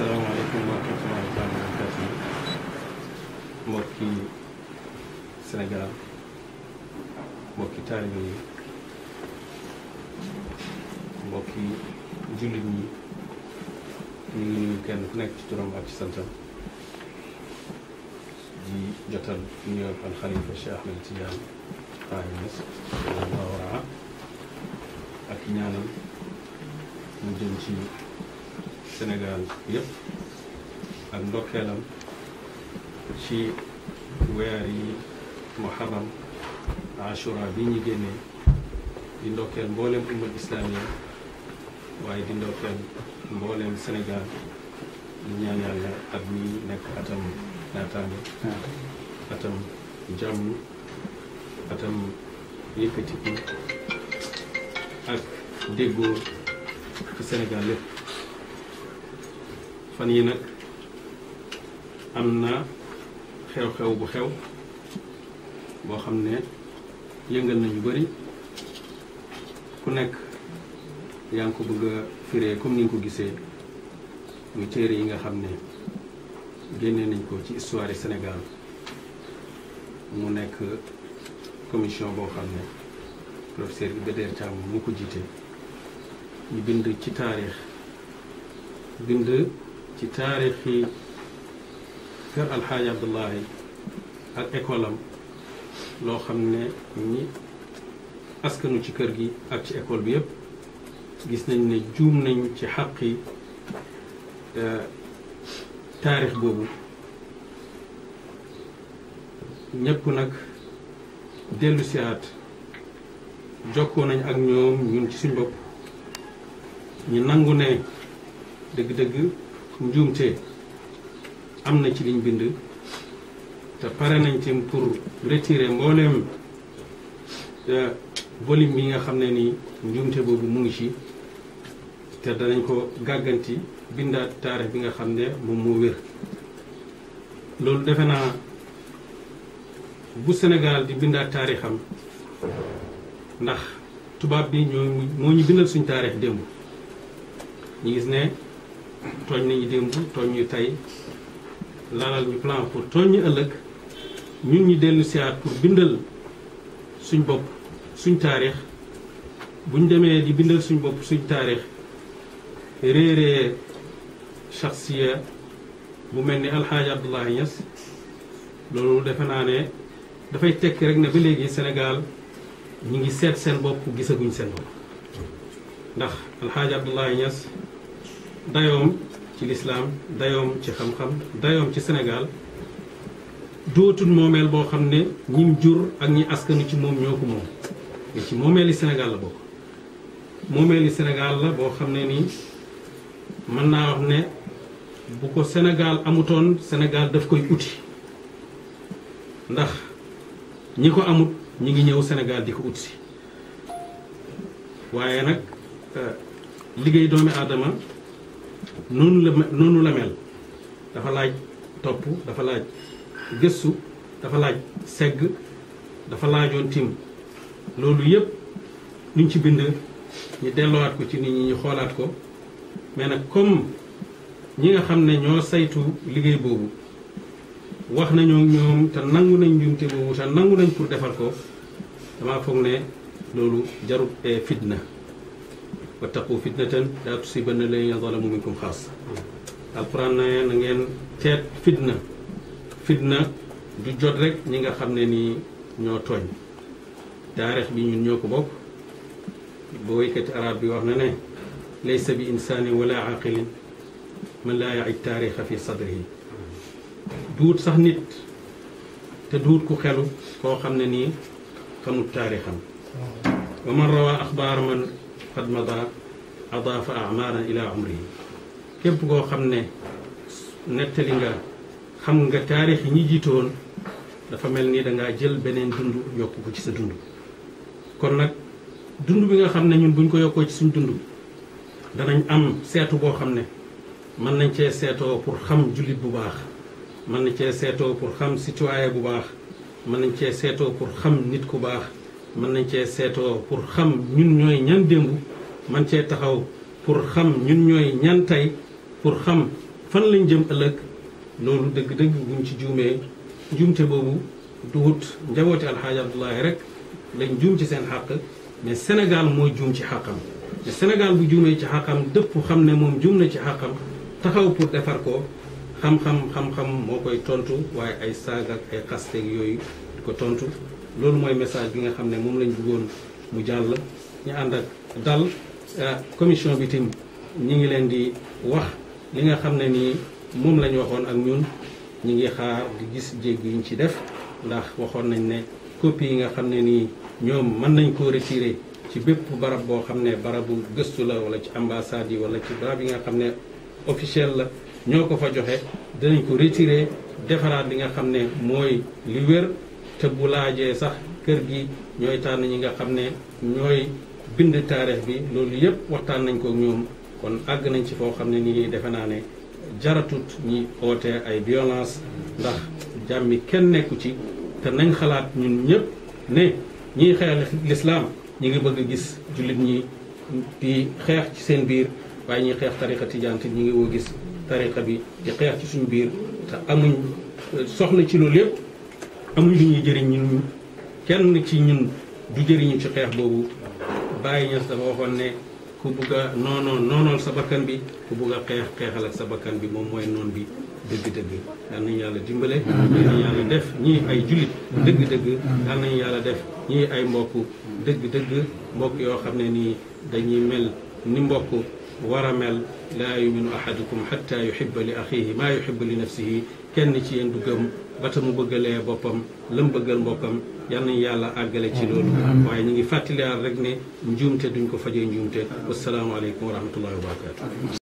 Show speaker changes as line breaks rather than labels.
asalaamaaleykum mbokki asalaamaaleykum mbokki Sénégal mbokki taalibe yi mbokki jullit ñi ñu ngi nuyu kenn ku nekk ci turam ak ci santam di jotal nuyoo ak xalifa Cheikh Ahmed Tidiane Niass ak ñaanal mu jëm ci. Sénégal yëpp ak ndokkeelam ci weer yi muharram ashura bi ñu génnee di ndokkeel mbooleem ummat islaamiya waaye di ndokkeel mbooleem Sénégal ñu ñaan yàlla at mi nekk atam naataange atam jàmm atam yëkkatiku ak déggoo ci Sénégal lépp fan yi nag am na xew-xew bu xew boo xam ne yëngal nañu bari ku nekk yaa ngi ko bëgg a comme ni nga ko gisee muy téere yi nga xam ne génne nañ ko ci histoire Sénégal mu nekk commission boo xam ne professeur Iba Der Thiam mu ko jiite ñu bind ci taarix bind ci taarixi kër alxaaji abdullahi ak école loo xam ne ñi askanu ci kër gi ak ci école bi yépp gis nañ ne juum nañu ci xaqi euh, taarix boobu ñépp nag dellu siaat jokkoo nañ ak ñoom ñun ci suñ bopp ñu nangu ne dëgg-dëgg njuumte am na ci liñ bind te pare nañ ci pour retirer mbooleem euh, volume bi nga xam ne ni njuumte boobu mu ngi ci te danañ ko gàgganti bindaat taarix bi nga xam ne moom moo wér loolu defe naa bu Sénégal di bindaat taarixam ndax tubaab bi ñoo moo ñu bindal suñ taarix démb ñu gis ne tooñ nañu démb tooñ ñu tey laalal ñu plan pour tooñ ñu ëllëg ñun ñu dellu siyaat pour bindal suñ bopp suñ taarix buñ demee di bindal suñ bopp suñ taarix réeree shaxsiya bu mel ni alxaaji Abdoulaye Niass loolu defe naa ne dafay tekk rek ne ba léegi senegaal ñu ngi seet seen bopp gisaguñ seen bopp ndax alxaaji Abdoulaye Niass dayoom ci lislaam dayoom ci xam-xam dayoom ci Sénégal dootul moomeel boo xam ne ñim jur ak ñi askanu ci moom ñoo ko moom mais ci moomeeli senegaal la boo xam ne nii mën naa wax ne bu ko Sénégal amutoon Sénégal daf koy uti ndax ñi ko amut ñi ngi ñëw Sénégal di ko ut si waaye nag euh, liggéey doomi aadama noonu la mel dafa laaj topp dafa laaj gëstu dafa laaj segg dafa laajoon tim loolu yëpp luñ ci bind ñu dellowaat ko ci nit ñi ñu xoolaat ko mais nag comme ñi nga xam ne ñoo saytu liggéey boobu wax nañoo ñoom te nangu nañ njumte boobu te nangu nañ pour defar ko damaa foog ne loolu jarut eh, fitna wattaqu fitnatan laa tusibanna alladina zalamu minkum xaas alquran na ngeen teet fitna fitna du jot rek ñi nga xam ne ni ñoo tooñ taarix bi ñun ñoo ko bokk ba woykati arab bi wax na ne laysa bi insaanin wala aqilin man laa yaci taarixa fi sadrihi duut sax nit te duut ku xelu koo xam ne nii xamul taarixam wa man rawa axbaar man qad mada adaafa amaaran ila umrihi képp koo xam ne nettali nga xam nga taarix yi ñi jiitoon dafa mel ni dangaa jël beneen dund yokk ko ci sa dund kon nag dund bi nga xam ne ñun buñ ko yokkoo ci suñu dund danañ am seetu boo xam ne mën nañ cee seetoo pour xam jullit bu baax mën nañ cee seetoo pour xam citoyen bu baax mën nañ cee seetoo pour xam nit ku baax mën nañ cee seetoo pour xam ñun ñooy ñan démb man cee taxaw pour xam ñun ñooy ñan pour xam fan lañ jëm ëllëg loolu dëgg-dëgg buñ ci juumee njuumte boobu duwut njabooti alxaaji abdullahi rek lañ juum ci seen xàq mais Sénégal moo juum ci xàqam te Sénégal bu juumee ci xàqam dëpp xam ne moom juum na ci xàqam taxaw pour defar ko xam-xam xam-xam moo koy tontu waaye ay saaga ay xasteeg yooyu di ko tontu loolu mooy message bi nga xam ne moom lañ bëggoon mu jàll ñu ànd ak dal Euh, commission bi tim ñi ngi leen di wax li nga xam ne nii moom lañu waxoon ak ñun ñu ngi xaar di gis jéggi yuñ ci def ndax waxoon nañ ne copie yi nga xam ne nii ñoom mën nañ ko retirer ci bépp barab boo xam ne barabu gëstu la wala ci ambassade yi walla ci barab yi nga xam ne officiel la ñoo ko fa joxe dinañ ko retirer defaraat li nga xam ne mooy li wér te bu laajee sax kër gi ñooy tànn ñi nga xam ne ñooy bind taarix bi loolu yëpp waxtaan nañ kook ñoom kon àgg nañ ci foo xam ne nii defe naa ne jaratut ñi oote ay violence ndax jàmmi kenn nekku ci te nañ xalaat ñun ñëpp ne ñiy xeex lislaam ñi ngi bëgg gis jullit ñi di xeex ci seen biir waaye ñuy xeex tariqa tijaan te ñi ngi woo gis tariqa bi di xeex ci suñu biir te amuñ soxna ci loolu yëpp amuñ lu ñuy jëriñ ñun kenn ci ñun du jëriñu ci xeex boobu bàyyi Niass dafa waxoon ne ku bugg noonoon noonoon sa bakkan bi ku bugg xeex xeexal ak sa bakkan bi moom mooy noon bi dëgg-dëgg yal nañu yàlla dimbale yal yàlla def ñii ay jullit dëgg-dëgg yal nañu yàlla def ñii ay mbokk dëgg-dëgg mbokk yoo xam ne nii dañuy mel ni mbokk war a mel laa yuminu ahadukum xatta yuhibba li axihi maa yuhibbu li nafsihi kenn ci yéen du gëm ba ta mu bëggalee boppam la mu bëggal mbokkam yal nañu yàlla àggale ci loolu waaye ñu ngi fàttaliwaat rek ne njuumte duñ ko fajee njuumte wassalaamu aleykum wa rahmatullahi wa barakatu